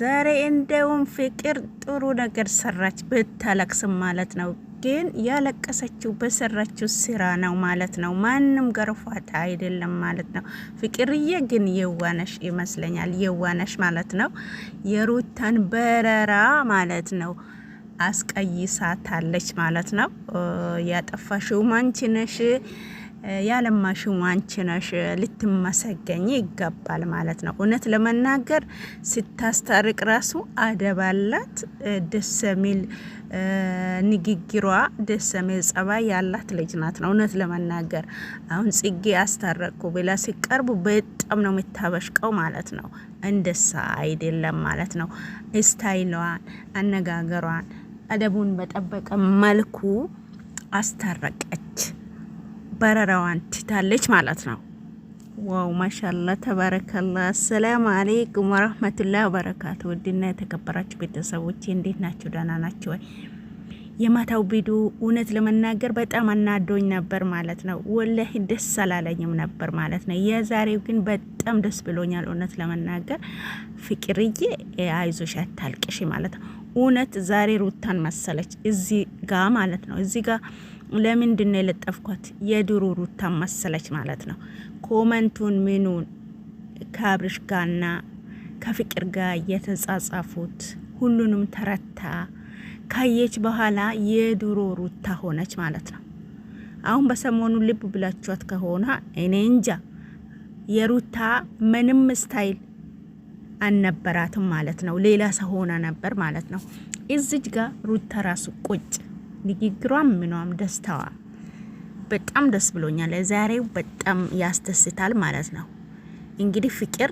ዛሬ እንደውም ፍቅር ጥሩ ነገር ሰራች፣ ብታለቅስም ማለት ነው። ግን ያለቀሰችው በሰራችው ስራ ነው ማለት ነው። ማንም ገርፏት አይደለም ማለት ነው። ፍቅርዬ ግን የዋነሽ ይመስለኛል፣ የዋነሽ ማለት ነው። የሩታን በረራ ማለት ነው አስቀይሳታለች ማለት ነው። ያጠፋሽው ማንቺ ነሽ ያለማሽው አንቺ ነሽ፣ ልትመሰገኝ ይገባል ማለት ነው። እውነት ለመናገር ስታስታርቅ ራሱ አደባላት ደስ የሚል ንግግሯ፣ ደስ የሚል ጸባይ ያላት ልጅ ናት ነው እውነት ለመናገር አሁን ጽጌ አስታረቅኩ ብላ ሲቀርቡ በጣም ነው የምታበሽቀው ማለት ነው። እንደሳ አይደለም ማለት ነው። ስታይሏን፣ አነጋገሯን አደቡን በጠበቀ መልኩ አስታረቀች። በረራዋን ትታለች ማለት ነው። ዋው ማሻላ ተባረከላ። አሰላሙ አሌይኩም ወረህመቱላ ወበረካቱ። ውድና የተከበራችሁ ቤተሰቦች እንዴት ናቸው? ደህና ናቸው ወይ? የማታው ቢዱ እውነት ለመናገር በጣም አናዶኝ ነበር ማለት ነው። ወላሂ ደስ አላለኝም ነበር ማለት ነው። የዛሬው ግን በጣም ደስ ብሎኛል እውነት ለመናገር ፍቅርዬ፣ አይዞሽ አታልቅሽ ማለት ነው። እውነት ዛሬ ሩታን መሰለች እዚህ ጋ ማለት ነው እዚህ ጋር ለምንድነው የለጠፍኳት? የድሮ ሩታ መሰለች ማለት ነው። ኮመንቱን ምኑን ከአብርሽ ጋርና ከፍቅር ጋር የተጻጻፉት ሁሉንም ተረታ ካየች በኋላ የድሮ ሩታ ሆነች ማለት ነው። አሁን በሰሞኑ ልብ ብላችኋት ከሆነ እኔ እንጃ የሩታ ምንም ስታይል አልነበራትም ማለት ነው። ሌላ ሰው ሆና ነበር ማለት ነው። እዚች ጋር ሩታ ራሱ ቁጭ ንግግሯም ምኗም ደስታዋ በጣም ደስ ብሎኛል። ዛሬው በጣም ያስደስታል ማለት ነው። እንግዲህ ፍቅር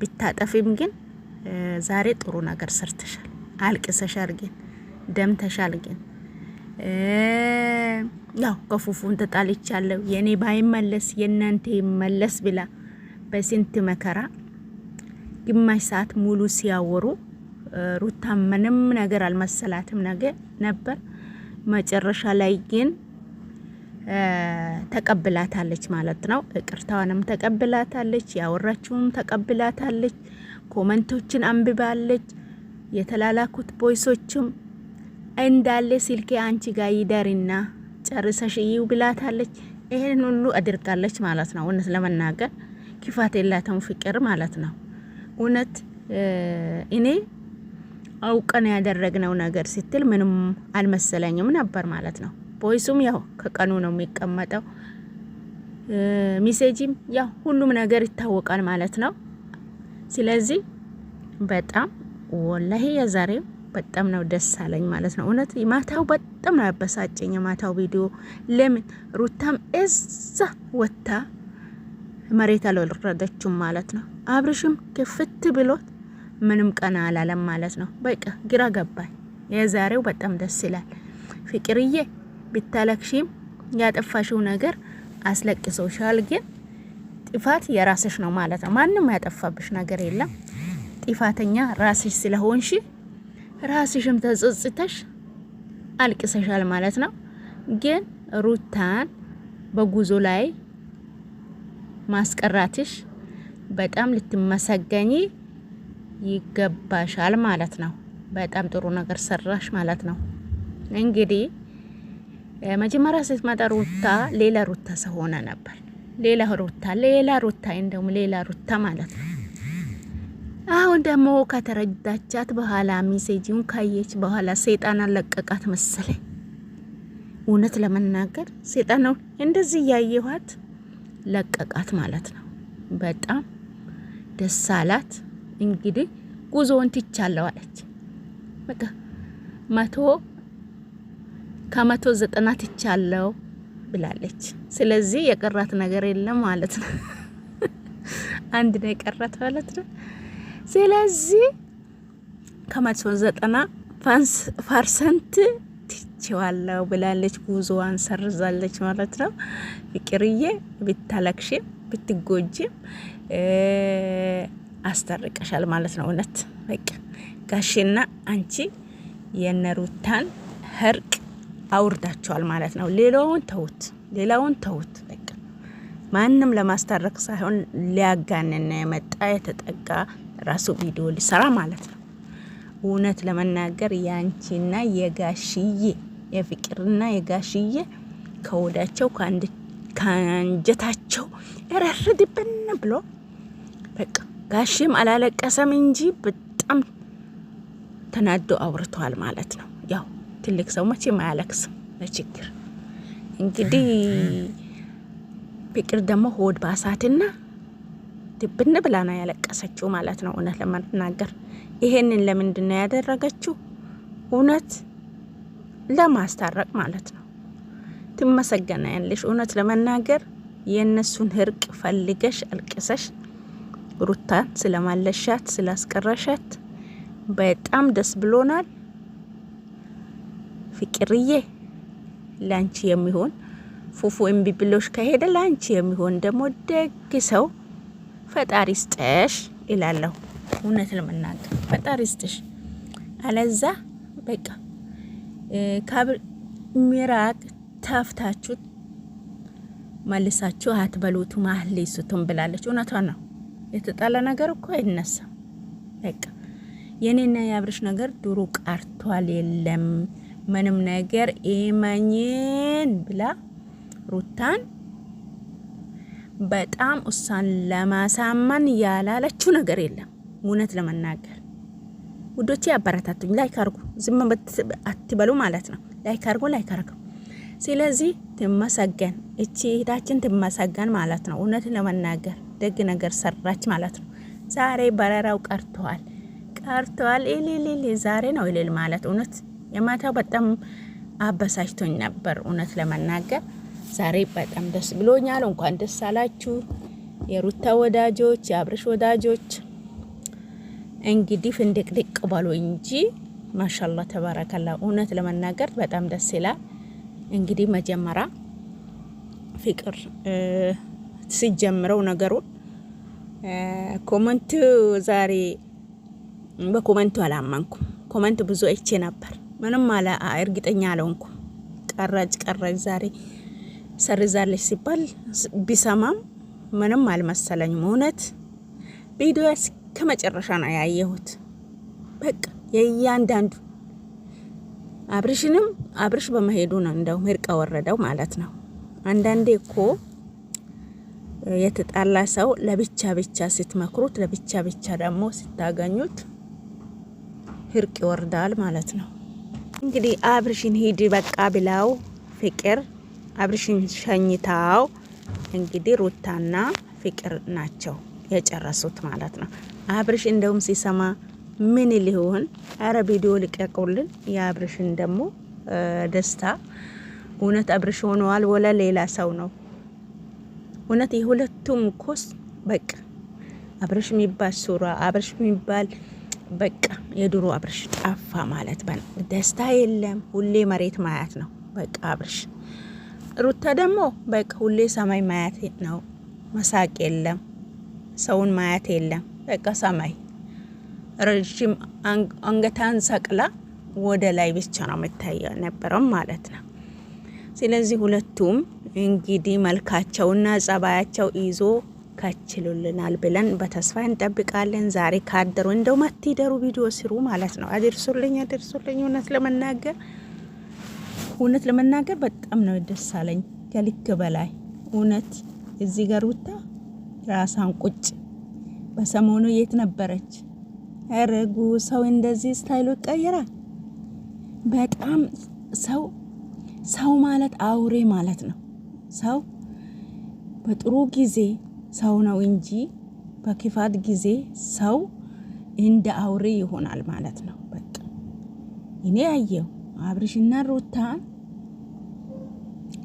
ብታጠፊም ግን ዛሬ ጥሩ ነገር ሰርተሻል። አልቅሰሻል ግን ደምተሻል ግን ያው ከፉፉን ተጣልቻለሁ የኔ ባይመለስ የእናንተ ይመለስ ብላ በስንት መከራ ግማሽ ሰዓት ሙሉ ሲያወሩ ሩታ ምንም ነገር አልመሰላትም ነገ ነበር መጨረሻ ላይ ግን ተቀብላታለች ማለት ነው። ይቅርታዋንም ተቀብላታለች፣ ያወራችውም ተቀብላታለች፣ ኮመንቶችን አንብባለች። የተላላኩት ቦይሶችም እንዳለ ስልኬ አንቺ ጋር ይደርና ጨርሰሽ ይው ብላታለች። ይሄን ሁሉ አድርጋለች ማለት ነው። እውነት ለመናገር ክፋት የላትም ፍቅር ማለት ነው። እውነት እኔ አውቀን ያደረግነው ነገር ስትል ምንም አልመሰለኝም ነበር ማለት ነው። ቮይሱም ያው ከቀኑ ነው የሚቀመጠው፣ ሚሴጅም ያው ሁሉም ነገር ይታወቃል ማለት ነው። ስለዚህ በጣም ወላሂ የዛሬው በጣም ነው ደስ አለኝ ማለት ነው። እውነት ማታው በጣም ነው ያበሳጨኝ የማታው ቪዲዮ። ለምን ሩታም እዛ ወታ መሬት አልወረደችም ማለት ነው። አብርሽም ክፍት ብሎት ምንም ቀና አላለም ማለት ነው። በቃ ግራ ገባኝ። የዛሬው በጣም ደስ ይላል። ፍቅርዬ ቢታለክሽም ያጠፋሽው ነገር አስለቅሶሻል፣ ግን ጥፋት የራስሽ ነው ማለት ነው። ማንም ያጠፋብሽ ነገር የለም። ጥፋተኛ ራስሽ ስለሆንሽ ራስሽም ተጸጽተሽ አልቅሰሻል ማለት ነው። ግን ሩታን በጉዞ ላይ ማስቀራትሽ በጣም ልትመሰገኝ ይገባሻል ማለት ነው። በጣም ጥሩ ነገር ሰራሽ ማለት ነው። እንግዲህ መጀመሪያ ስትመጣ ሩታ ሌላ ሩታ ሰው ሆነ ነበር። ሌላ ሩታ ሌላ ሩታ እንደውም ሌላ ሩታ ማለት ነው። አሁን ደግሞ ከተረዳቻት በኋላ ሚሴጂውን ካየች በኋላ ሰይጣን አለቀቃት መሰለኝ። እውነት ለመናገር ሰይጣን ነው እንደዚህ ያየኋት ለቀቃት ማለት ነው። በጣም ደስ አላት። እንግዲህ ጉዞውን ትቻለሁ አለች። በቃ መቶ ከመቶ ዘጠና ትቻለሁ ብላለች። ስለዚህ የቀራት ነገር የለም ማለት ነው። አንድ ነው የቀራት ማለት ነው። ስለዚህ ከመቶ ዘጠና ፐርሰንት ትችዋለሁ ብላለች። ጉዞዋን ሰርዛለች ማለት ነው። ፍቅርዬ ብታለቅሽም ብትጎጂም አስታርቀሻል ማለት ነው። እውነት በቃ ጋሽና አንቺ የነሩታን እርቅ አውርዳቸዋል ማለት ነው። ሌላውን ተውት፣ ሌላውን ተውት። በቃ ማንም ለማስታረቅ ሳይሆን ሊያጋንን የመጣ የተጠጋ ራሱ ቪዲዮ ሊሰራ ማለት ነው። እውነት ለመናገር የአንቺና የጋሽዬ የፍቅርና የጋሽዬ ከወዳቸው ከአንጀታቸው ረርድብን ብሎ በቃ ጋሽም አላለቀሰም እንጂ በጣም ተናዶ አውርተዋል ማለት ነው። ያው ትልቅ ሰው መቼም አያለቅስም ለችግር። እንግዲህ ፍቅር ደግሞ ሆድ ባሳትና ድብን ብላ ነው ያለቀሰችው ማለት ነው። እውነት ለመናገር ይሄንን ለምንድን ነው ያደረገችው? እውነት ለማስታረቅ ማለት ነው። ትመሰገና ያለሽ እውነት ለመናገር የእነሱን እርቅ ፈልገሽ አልቅሰሽ ሩታን ስለማለሻት ስላስቀረሻት በጣም ደስ ብሎናል። ፍቅርዬ ላንቺ የሚሆን ፉፉ እምቢ ብሎሽ ከሄደ ላንቺ የሚሆን ደግሞ ደግ ሰው ፈጣሪ ስጥሽ ይላለሁ። እውነት ለመናገር ፈጣሪ ስጥሽ። አለዛ በቃ ካብ ሚራቅ ተፍታችሁ መልሳችሁ አትበሉቱ አትበሉት ማህሌሱትም ብላለች። እውነቷ ነው። የተጣለ ነገር እኮ አይነሳም። በቃ የኔና የአብርሽ ነገር ድሮ ቀርቷል። የለም ምንም ነገር ኢመኝን ብላ ሩታን በጣም እሷን ለማሳመን ያላለችው ነገር የለም። እውነት ለመናገር ውዶቼ አበረታቱኝ፣ ላይክ አርጉ፣ ዝም አትበሉ ማለት ነው። ላይክ አርጉ፣ ላይክ አርጉ። ስለዚህ ትመሰገን እቺ እህታችን ትመሰገን ማለት ነው እውነት ለመናገር ደግ ነገር ሰራች ማለት ነው። ዛሬ በረራው ቀርተዋል ቀርተዋል። ኢሊሊሊ ዛሬ ነው ኢሊል ማለት እውነት የማታው በጣም አበሳጭቶኝ ነበር እውነት ለመናገር ዛሬ በጣም ደስ ብሎኛል። እንኳን ደስ አላችሁ የሩታ ወዳጆች፣ የአብርሽ ወዳጆች እንግዲህ ፍንድቅድቅ በሉ እንጂ ማሻላ ተባረከላ። እውነት ለመናገር በጣም ደስ ይላል። እንግዲህ መጀመሪያ ፍቅር ሲጀምረው ነገሩን ኮመንት ዛሬ በኮመንቱ አላመንኩ። ኮመንት ብዙ አይቼ ነበር፣ ምንም አላ እርግጠኛ አለውንኩ ቀራጭ ቀራጭ ዛሬ ሰርዛለች ሲባል ቢሰማም ምንም አልመሰለኝም። እውነት ቪዲዮ ከመጨረሻ ነው ያየሁት። በቃ የእያንዳንዱ አብርሽንም አብርሽ በመሄዱ ነው እንደውም እርቅ ወረደው ማለት ነው። አንዳንዴ እኮ የተጣላ ሰው ለብቻ ብቻ ስትመክሩት፣ ለብቻ ብቻ ደግሞ ስታገኙት እርቅ ይወርዳል ማለት ነው። እንግዲህ አብርሽን ሂድ በቃ ብላው ፍቅር አብርሽን ሸኝታው እንግዲህ ሩታና ፍቅር ናቸው የጨረሱት ማለት ነው። አብርሽ እንደውም ሲሰማ ምን ሊሆን አረ ቪዲዮ ልቀቁልን። የአብርሽን ደግሞ ደስታ እውነት አብርሽ ሆነዋል ወለ ሌላ ሰው ነው? እውነት የሁለቱም ኮስ በቃ አብረሽ የሚባል ሱራ አብረሽ የሚባል በቃ የድሮ አብረሽ ጠፋ ማለት ደስታ የለም። ሁሌ መሬት ማያት ነው በቃ አብረሽ። ሩታ ደግሞ በቃ ሁሌ ሰማይ ማያት ነው። መሳቅ የለም፣ ሰውን ማያት የለም። በቃ ሰማይ ረዥም አንገታን ሰቅላ ወደ ላይ ብቻ ነው የምታየው ነበረው ማለት ነው። ስለዚህ ሁለቱም እንግዲህ መልካቸውና ጸባያቸው ይዞ ከችሉልናል ብለን በተስፋ እንጠብቃለን። ዛሬ ካደሩ እንደው መትደሩ ቪዲዮ ስሩ ማለት ነው። አድርሱልኝ አድርሱልኝ። እውነት ለመናገር እውነት ለመናገር በጣም ነው ደስ አለኝ ከልክ በላይ እውነት። እዚህ ጋር ውታ ራሳን ቁጭ በሰሞኑ የት ነበረች? ረጉ ሰው እንደዚህ ስታይሉ ይቀየራል። በጣም ሰው ሰው ማለት አውሬ ማለት ነው። ሰው በጥሩ ጊዜ ሰው ነው እንጂ በክፋት ጊዜ ሰው እንደ አውሬ ይሆናል ማለት ነው። በቃ እኔ አየው አብርሽና ሩታ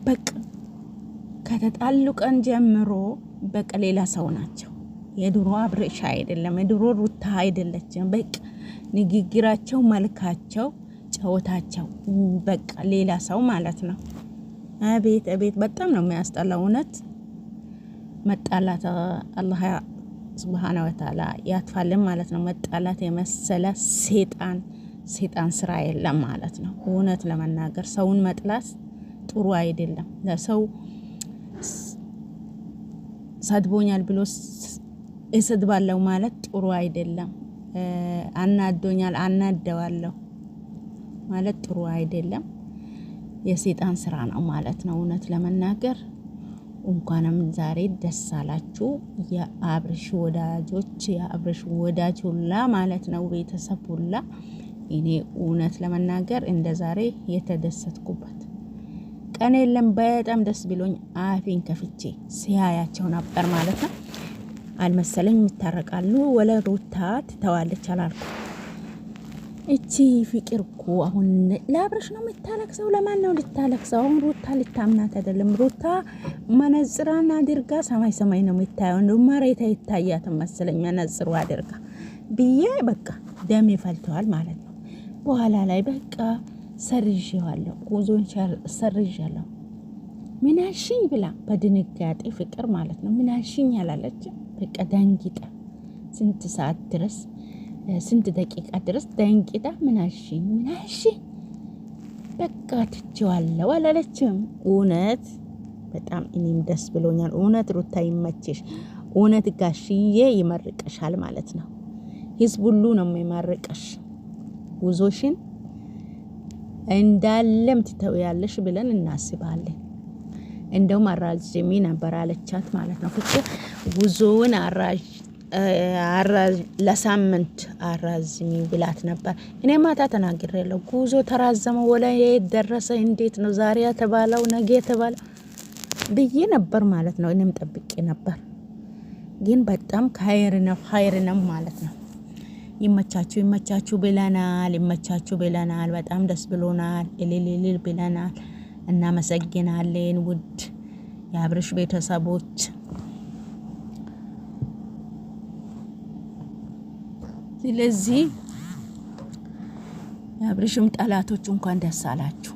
በቃ ከተጣሉ ቀን ጀምሮ በቃ ሌላ ሰው ናቸው። የድሮ አብርሽ አይደለም፣ የድሮ ሩታ አይደለችም። በቃ ንግግራቸው፣ መልካቸው፣ ጨዋታቸው በቃ ሌላ ሰው ማለት ነው። አቤት አቤት በጣም ነው የሚያስጠላው። እውነት መጣላት አላህ ስብሃነ ወተዓላ ያጥፋልን ማለት ነው። መጣላት የመሰለ ሴጣን ሴጣን ስራ የለም ማለት ነው። እውነት ለመናገር ሰውን መጥላት ጥሩ አይደለም። ለሰው ሰድቦኛል ብሎ እስድባለሁ ማለት ጥሩ አይደለም። አናዶኛል አናደዋለሁ ማለት ጥሩ አይደለም። የሴጣን ስራ ነው ማለት ነው። እውነት ለመናገር እንኳንም ዛሬ ደስ አላችሁ የአብርሽ ወዳጆች፣ የአብርሽ ወዳጅ ሁላ ማለት ነው፣ ቤተሰብ ሁላ። እኔ እውነት ለመናገር እንደ ዛሬ የተደሰትኩበት ቀን የለም። በጣም ደስ ብሎኝ አፌን ከፍቼ ሲያያቸው ነበር ማለት ነው። አልመሰለኝ፣ ይታረቃሉ ወለ ሩታ ትተዋለች አላልኩ እቺ ፍቅር እኮ አሁን ለአብረሽ ነው የምታለቅሰው? ለማን ነው ልታለቅሰው? አሁን ሩታ ልታምናት አይደለም። ሩታ መነጽራን አድርጋ ሰማይ ሰማይ ነው የምታየው። እንደ መሬት አይታያትም መሰለኝ መነጽሩ አድርጋ ብዬ በቃ ደም ይፈልተዋል ማለት ነው። በኋላ ላይ በቃ ሰርዤዋለሁ፣ ጉዞን ሰርዣለሁ፣ ምናሽኝ ብላ በድንጋጤ ፍቅር ማለት ነው ምናሽኝ ያላለች በቃ ደንግጣ ስንት ሰዓት ድረስ ስንት ደቂቃ ድረስ ደንቂታ ምናሽኝ ምናሽኝ በቃ ትቼዋለሁ አላለችም። እውነት በጣም እኔም ደስ ብሎኛል። እውነት ሩታ ይመችሽ፣ እውነት ጋሽዬ ይመርቀሻል ማለት ነው። ህዝብ ሁሉ ነው የሚመርቀሽ። ጉዞሽን እንዳለም ትተውያለሽ ብለን እናስባለን። እንደውም አራዝሜ ነበር አለቻት ማለት ነው። ፍቅር ጉዞውን አራዥ ለሳምንት አራዝሚ ብላት ነበር። እኔ ማታ ተናግሬ ያለው ጉዞ ተራዘመ፣ ወለ ደረሰ፣ እንዴት ነው ዛሬ የተባለው ነገ የተባለው ብዬ ነበር ማለት ነው። እኔም ጠብቄ ነበር፣ ግን በጣም ከሀይርነፍ ነው ማለት ነው። ይመቻችሁ፣ ይመቻችሁ ብለናል። ይመቻችሁ ብለናል። በጣም ደስ ብሎናል። እልልልል ብለናል። እናመሰግናለን ውድ የአብርሽ ቤተሰቦች ስለዚህ የአብርሽም ጠላቶች እንኳን ደስ አላችሁ።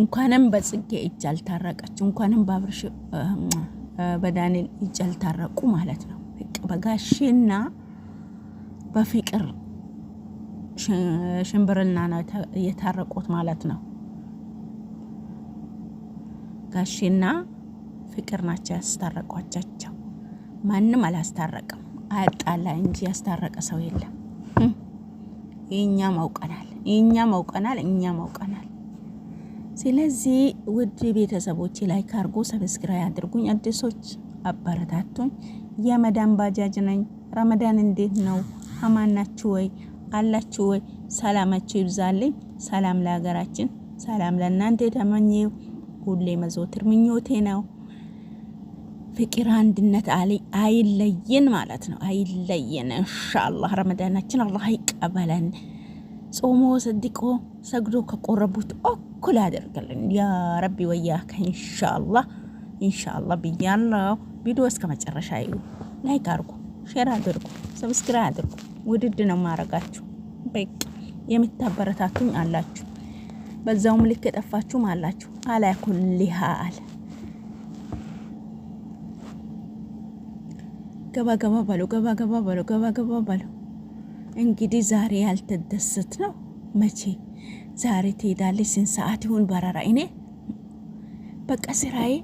እንኳንም በጽጌ እጅ አልታረቀችሁ፣ እንኳንም በአብርሽ በዳንኤል እጅ አልታረቁ ማለት ነው። በጋሽና በፍቅር ሽምብርና ነው የታረቁት ማለት ነው። ጋሽና ፍቅር ናቸው ያስታረቋቸው። ማንም አላስታረቅም። አያጣላ እንጂ ያስታረቀ ሰው የለም። እኛ ማውቀናል እኛ ማውቀናል እኛ ማውቀናል ስለዚህ ውድ ቤተሰቦች ላይክ አድርጉ፣ ሰብስክራይብ አድርጉኝ፣ አዲሶች አበረታቱኝ። የመዳን ባጃጅ ነኝ። ረመዳን እንዴት ነው? አማናችሁ ወይ አላችሁ ወይ? ሰላማችሁ ይብዛልኝ። ሰላም ለሀገራችን፣ ሰላም ለእናንተ የተመኘው ሁሌ መዞትር ምኞቴ ነው። ፍቅር አንድነት አይለየን ማለት ነው። አይለየን እንሻአላህ። ረመዳናችን አላህ ይቀበለን። ጾሞ ሰድቆ ሰግዶ ከቆረቡት እኩል ያደርገልን ያ ረቢ ወያከ እንሻአላህ እንሻአላህ ብያለው። ቪዲዮ እስከ መጨረሻ ይሉ ላይክ አድርጉ፣ ሼር አድርጉ፣ ሰብስክራይብ አድርጉ። ውድድ ነው ማረጋችሁ። በቃ የምታበረታቱኝ አላችሁ፣ በዛውም ልክ የጠፋችሁም አላችሁ። አላ ኩሊ ሃል ገባ ገባ ባለው ገባ ገባ ባለው ገባ ገባ ባለው እንግዲህ ዛሬ ያልተደሰት ነው መቼ ዛሬ ትሄዳለች? ስንት ሰዓት ይሁን በረራ? እኔ በቃ ስራዬ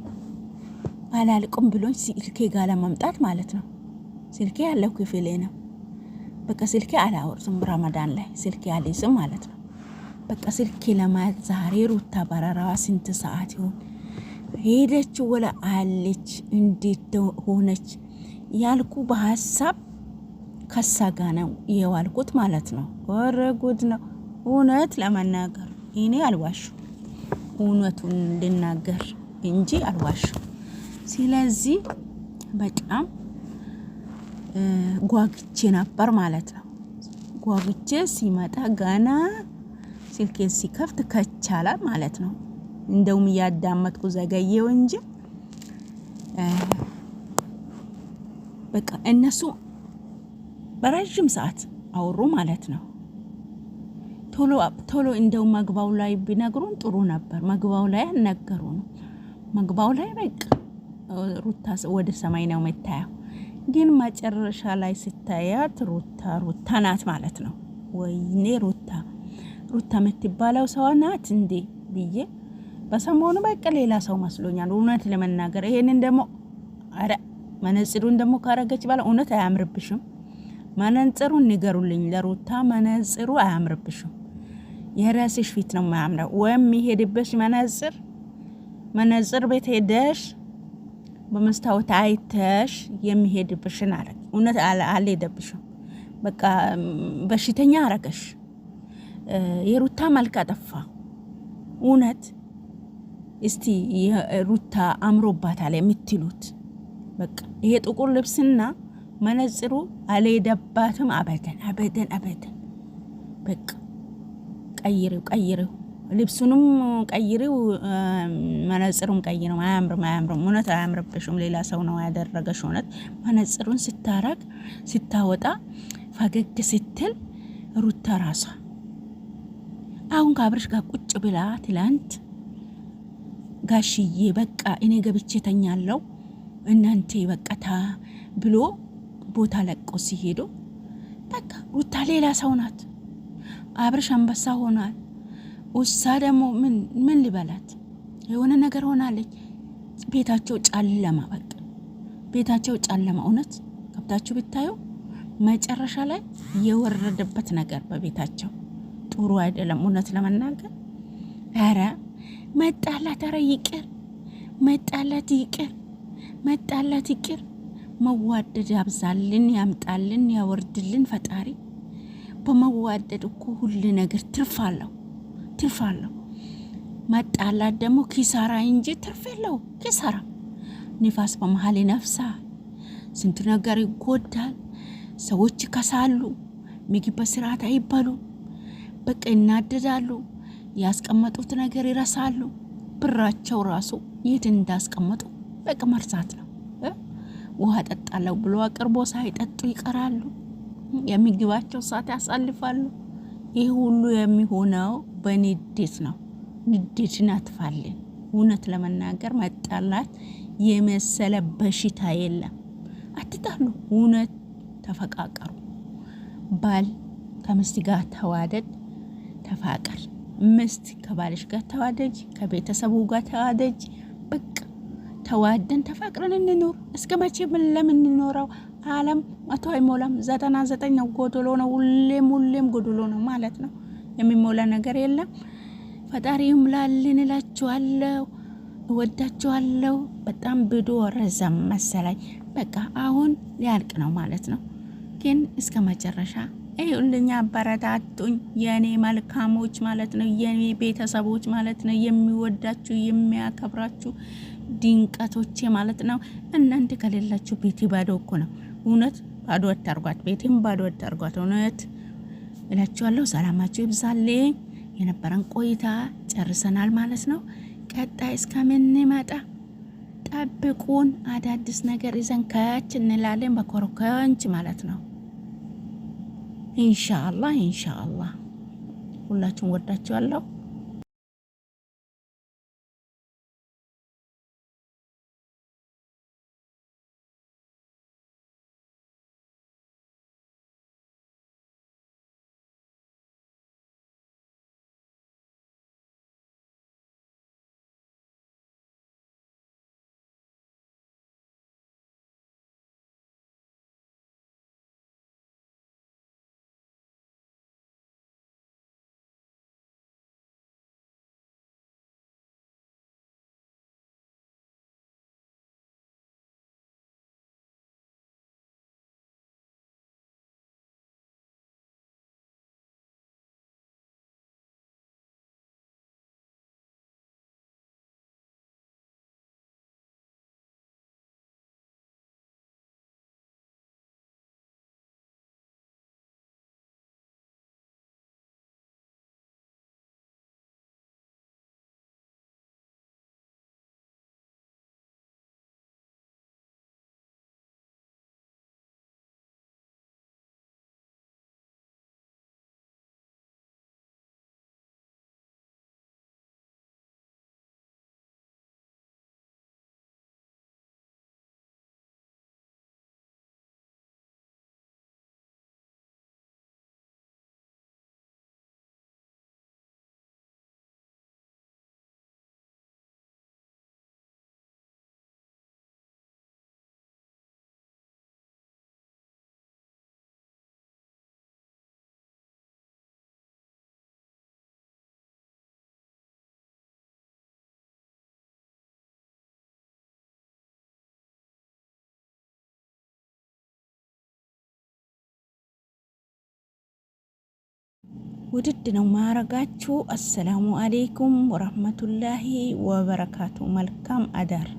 አላልቁም ብሎኝ ስልኬ ጋር ለመምጣት ማለት ነው። ስልኬ ያለው ክፍሌ ነው። በቃ ስልኬ አላወርጽም ረመዳን ላይ ስልኬ አልይዝም ማለት ነው። በቃ ስልኬ ለማየት ዛሬ ሩታ በረራዋ ስንት ሰዓት ይሁን ሄደች? ወላ አለች? እንዴት ሆነች? ያልኩ በሀሳብ ከሳ ጋ ነው የዋልኩት ማለት ነው። ወረ ጉድ ነው። እውነት ለመናገር እኔ አልዋሹ እውነቱን ልናገር እንጂ አልዋሹ። ስለዚህ በጣም ጓግቼ ነበር ማለት ነው። ጓግቼ ሲመጣ ገና ስልኬን ሲከፍት ከቻለ ማለት ነው። እንደውም እያዳመጥኩ ዘገየው እንጂ በቃ እነሱ በረዥም ሰዓት አወሩ ማለት ነው። ቶሎ ቶሎ እንደው መግባው ላይ ቢነግሩን ጥሩ ነበር። መግባው ላይ አነገሩ ነው። መግባው ላይ በቃ ሩታ ወደ ሰማይ ነው የምታየው። ግን መጨረሻ ላይ ስታያት ሩታ ሩታ ናት ማለት ነው። ወይኔ ሩታ ሩታ የምትባለው ሰው ናት እንዴ ብዬ በሰሞኑ በቃ ሌላ ሰው መስሎኛል እውነት ለመናገር ይሄንን ደግሞ መነጽሩን ደግሞ ካረገች በኋላ እውነት አያምርብሽም። መነጽሩን ንገሩልኝ ለሩታ መነጽሩ አያምርብሽም። የራስሽ ፊት ነው ማያምረው። ወይም ይሄድበሽ መነጽር መነጽር ቤት ሄደሽ በመስታወት አይተሽ የሚሄድብሽን አረግ። እውነት አልሄደብሽም። በቃ በሽተኛ አረገሽ። የሩታ መልክ አጠፋ። እውነት እስቲ ሩታ አምሮባታል የምትሉት በቃ ይሄ ጥቁር ልብስና መነጽሩ አልሄደባትም። አበደን አበደን አበደን። በቃ ቀይሪው ቀይሪው፣ ልብሱንም ቀይሪው፣ መነጽሩም ቀይሪው። አያምርም አያምርም፣ እውነት አያምርብሽም። ሌላ ሰው ነው ያደረገሽ። እውነት መነጽሩን ስታረግ ስታወጣ ፈገግ ስትል ሩታ ራሷ አሁን ከአብርሽ ጋር ቁጭ ብላ ትላንት ጋሽዬ በቃ እኔ ገብቼ ተኛለው እናንተ በቀታ ብሎ ቦታ ለቆ ሲሄዱ በቃ ሩታ ሌላ ሰው ናት። አብርሽ አንበሳ ሆኗል። ውሳ ደግሞ ምን ልበላት የሆነ ነገር ሆናለች። ቤታቸው ጨለማ፣ በቃ ቤታቸው ጨለማ። እውነት ከብታችሁ ብታዩ መጨረሻ ላይ የወረደበት ነገር በቤታቸው ጥሩ አይደለም። እውነት ለመናገር ኧረ መጣላት፣ ኧረ ይቅር መጣላት፣ ይቅር መጣላት ይቅር መዋደድ ያብዛልን፣ ያምጣልን፣ ያወርድልን ፈጣሪ። በመዋደድ እኮ ሁሉ ነገር ትርፋለሁ ትርፋለሁ። መጣላት ደግሞ ኪሳራ እንጂ ትርፍ የለው ኪሳራ። ንፋስ በመሀል ይነፍሳል። ስንቱ ነገር ይጎዳል። ሰዎች ከሳሉ ምግብ በስርዓት አይበሉ፣ በቃ ይናደዳሉ። ያስቀመጡት ነገር ይረሳሉ። ብራቸው ራሱ የት እንዳስቀመጡ በቃ መርሳት ነው። ውሃ ጠጣለው ብሎ አቅርቦ ሳይጠጡ ይቀራሉ። የሚግባቸው ሰዓት ያሳልፋሉ። ይህ ሁሉ የሚሆነው በንዴት ነው። ንዴትን አጥፋልን። እውነት ለመናገር መጣላት የመሰለ በሽታ የለም። አትጣሉ፣ እውነት ተፈቃቀሩ። ባል ከምስት ጋር ተዋደድ፣ ተፋቀር። ምስት ከባልሽ ጋር ተዋደጅ፣ ከቤተሰቡ ጋር ተዋደጅ። በቃ ተዋደን ተፋቅረን እንኖር። እስከ መቼ ምን ለምንኖረው? አለም መቶ አይሞላም። ዘጠና ዘጠኝ ነው፣ ጎዶሎ ነው። ሁሌም ሁሌም ጎዶሎ ነው ማለት ነው። የሚሞላ ነገር የለም። ፈጣሪ ይምላልን እላችኋለሁ። እወዳችኋለሁ። በጣም ብዶ ረዘም መሰላኝ። በቃ አሁን ሊያልቅ ነው ማለት ነው። ግን እስከ መጨረሻ ይኸውልኝ አበረታቱኝ የእኔ መልካሞች ማለት ነው፣ የእኔ ቤተሰቦች ማለት ነው፣ የሚወዳችሁ የሚያከብራችሁ ድንቀቶቼ ማለት ነው። እናንተ ከሌላችሁ ቤቴ ባዶ እኮ ነው። እውነት ባዶ አታርጓት፣ ቤቴም ባዶ አታርጓት። እውነት እላችኋለሁ። ሰላማችሁ ይብዛልኝ። የነበረን ቆይታ ጨርሰናል ማለት ነው። ቀጣይ እስከምንመጣ ጠብቁን። አዳዲስ ነገር ይዘን ከች እንላለን፣ በኮረኮንች ማለት ነው። ኢንሻአላህ ኢንሻአላህ ሁላችሁም ወዳችኋለሁ። ውድድ ነው ማረጋችሁ። አሰላሙ አሌይኩም ወረህመቱላሂ ወበረካቱ። መልካም አዳር